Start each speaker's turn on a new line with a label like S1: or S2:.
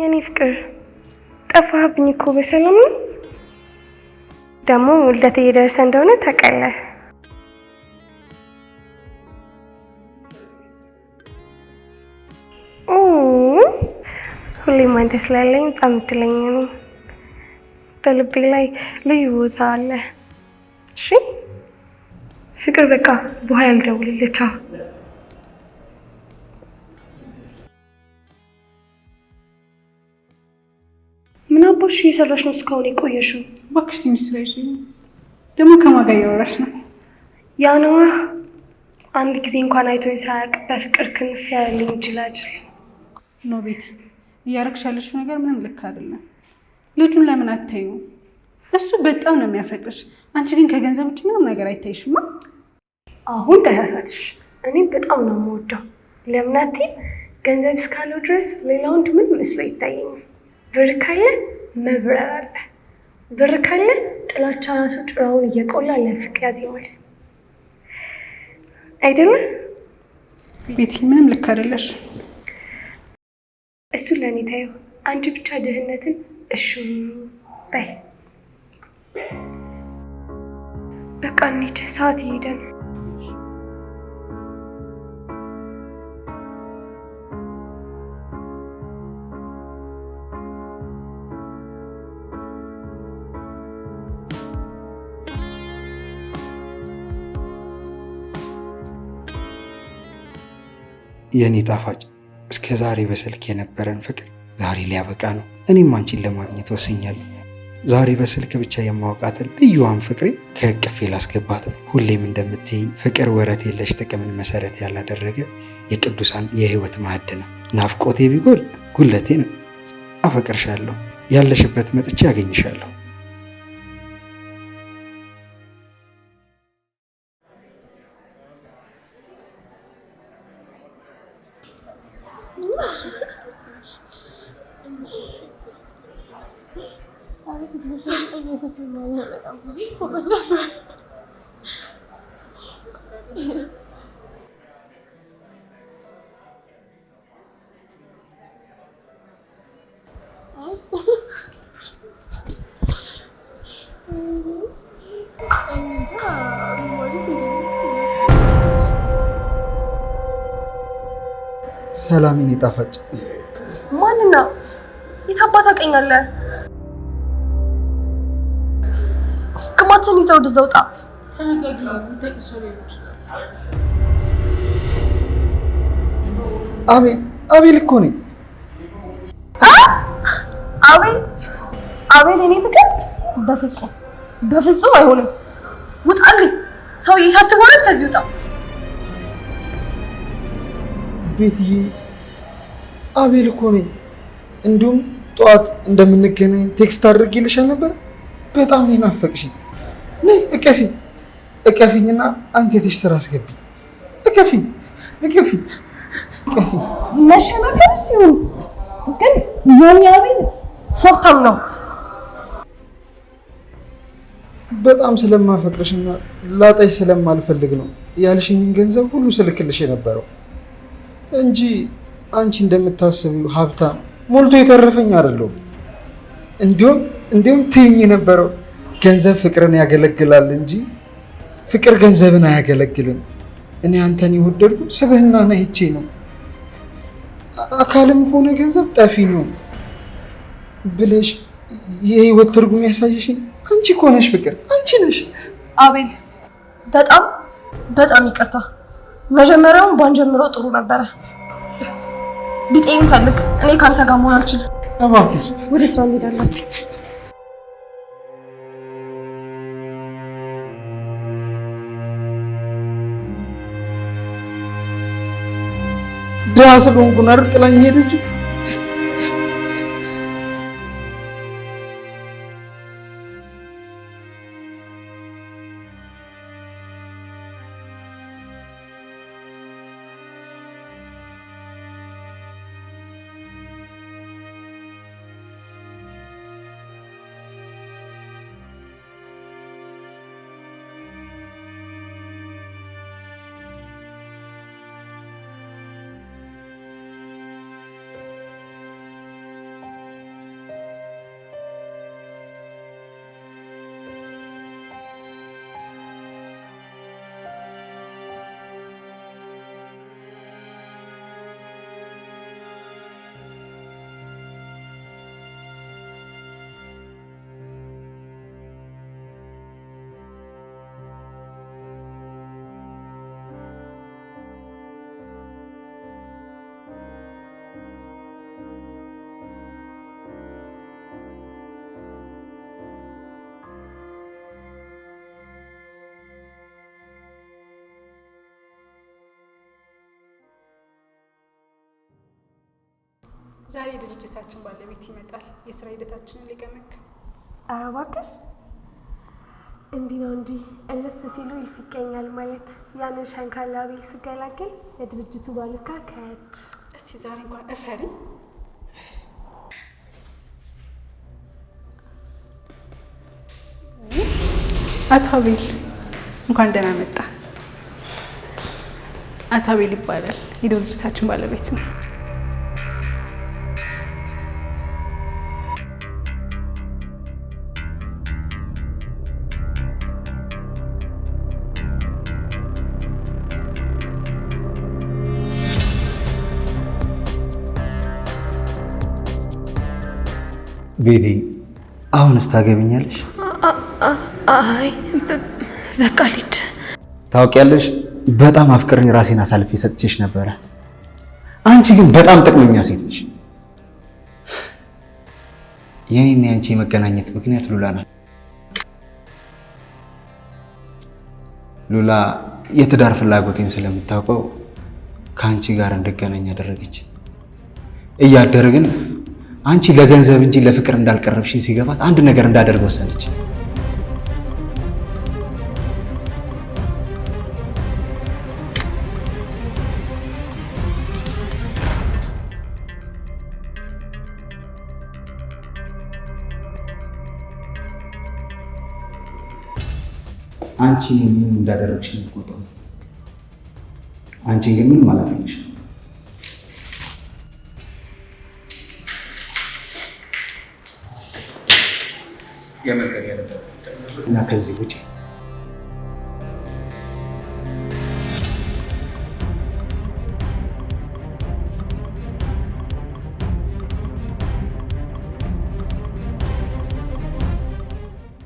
S1: የኔ ፍቅር ጠፋህብኝ እኮ በሰላም ነው። ደግሞ ውልደት እየደረሰ እንደሆነ ታውቃለህ። ሁሌም አንተ ስላለኝ በጣም እድለኛ ነኝ። በልቤ ላይ ልዩ ቦታ አለ። እሺ ፍቅር፣ በቃ በኋላ ልደውልልቻ ምን አባሽ እየሰራሽ ነው እስካሁን የቆየሽው?
S2: እባክሽ ትንሽ ደግሞ ከማን ጋር እያወራሽ ነው?
S1: ያ ነዋ አንድ ጊዜ እንኳን አይቶኝ ሳያውቅ በፍቅር ክንፍ ያለኝ ጅላጅል
S2: ነው። ቤት እያረግሽ ያለሽው ነገር ምንም ልክ አይደለም። ልጁን ለምን አታዩ? እሱ በጣም ነው የሚያፈቅርሽ። አንቺ ግን ከገንዘብ ውጭ ምንም ነገር አይታይሽማ።
S1: አሁን ተሳሳትሽ። እኔ በጣም ነው የምወደው። ለምን ገንዘብ እስካለው ድረስ ሌላ ወንድ ምን መስሎ አይታየኝም። ብር ካለ መብረር አለ። ብር ካለ ጥላቻ ራሱ ጭራውን እየቆላ ለፍቅ ያዜማል አይደለም።
S2: ቤቲ ምንም ልክ አይደለሽ።
S1: እሱን ለእኔ ታየው። አንቺ ብቻ ድህነትን እሹ በይ። በቃ እንሂድ፣ ሰዓት እየሄደ ነው።
S3: የእኔ ጣፋጭ፣ እስከ ዛሬ በስልክ የነበረን ፍቅር ዛሬ ሊያበቃ ነው። እኔም አንቺን ለማግኘት ወስኛለሁ። ዛሬ በስልክ ብቻ የማወቃትን ልዩዋን ፍቅሬ ከእቅፌ ላስገባት ነው። ሁሌም እንደምትይ ፍቅር ወረት የለሽ ጥቅምን መሰረት ያላደረገ የቅዱሳን የህይወት ማዕድ ነው። ናፍቆቴ ቢጎል ጉለቴ ነው። አፈቅርሻለሁ። ያለሽበት መጥቼ አገኝሻለሁ። ሰላም የኔ ጣፋጭ
S1: ማንና የት አቀኛለህ? ቅማትን ይዘው ወደዛ ውጣ።
S3: አቤል አቤል እኮ ነኝ።
S1: አቤል አቤል፣ እኔ ፍቅር፣ በፍጹም በፍጹም አይሆንም። ውጣልኝ ሰውዬ፣ ሳትወረድ ከዚህ ውጣ።
S3: ቤትዬ፣ አቤል እኮ ነኝ። እንዲሁም ጠዋት እንደምንገናኝ ቴክስት አድርጌልሻል ነበር። በጣም ነው የናፈቅሽኝ። ነይ እቀፊኝ፣ እቀፊኝና አንገትሽ ስራ አስገቢ እቀፊኝ፣ እቀፊኝ፣
S1: እቀፊኝ። መሸናከሉ ሲሆን ግን የኛ ቤት ሀብታም ነው።
S3: በጣም ስለማፈቅርሽና ላጣሽ ስለማልፈልግ ነው ያልሽኝን ገንዘብ ሁሉ ስልክልሽ የነበረው እንጂ አንቺ እንደምታስቢው ሀብታም ሞልቶ የተረፈኝ አይደለሁም። እንዲሁም እንዲሁም ትኝ የነበረው ገንዘብ ፍቅርን ያገለግላል እንጂ ፍቅር ገንዘብን አያገለግልም። እኔ አንተን የወደድኩ ስብህና ነህቼ ነው። አካልም ሆነ ገንዘብ ጠፊ ነው ብለሽ የህይወት ትርጉም ያሳየሽኝ አንቺ እኮ ነሽ። ፍቅር አንቺ ነሽ።
S1: አቤል፣ በጣም በጣም ይቅርታ። መጀመሪያውን ጀምሮ ጥሩ ነበረ። ቢጤም ፈልግ። እኔ ካንተ ጋር መሆን
S3: አልችልም።
S1: ወደ ስራ እንሄዳለን።
S3: graça, vamos cunar telah nyeri juga.
S1: ዛሬ ድርጅታችን ባለቤት ይመጣል። የስራ ሂደታችንን ሊገመግም። ኧረ እባክሽ እንዲህ ነው እንጂ እልፍ ሲሉ ይልፍ ይገኛል ማለት ያንን ሸንካላ ቤት ስገላገል የድርጅቱ ባልካ ከድ እስቲ ዛሬ እንኳን እፈሪ
S2: አቶ አቤል እንኳን ደህና መጣ። አቶ አቤል ይባላል። የድርጅታችን ባለቤት ነው።
S4: ቤቲ አሁንስ ታገቢኛለሽ?
S1: አይ በቃ ልሂድ።
S4: ታውቂያለሽ በጣም አፍቅሬኝ ራሴን አሳልፌ ሰጥቼሽ ነበረ። አንቺ ግን በጣም ጥቅመኛ ሴት ነሽ። የኔና የአንቺ የመገናኘት ምክንያት ሉላ ናት። ሉላ የትዳር ፍላጎቴን ስለምታውቀው ከአንቺ ጋር እንድገናኝ አደረገች። እያደረግን አንቺ ለገንዘብ እንጂ ለፍቅር እንዳልቀረብሽኝ ሲገባት አንድ ነገር እንዳደርግ ወሰነች። አንቺ ምን እንዳደረግሽ ነው ቆጠሩ። አንቺን ግን ምንም አላገኘሽም። na akazivutia.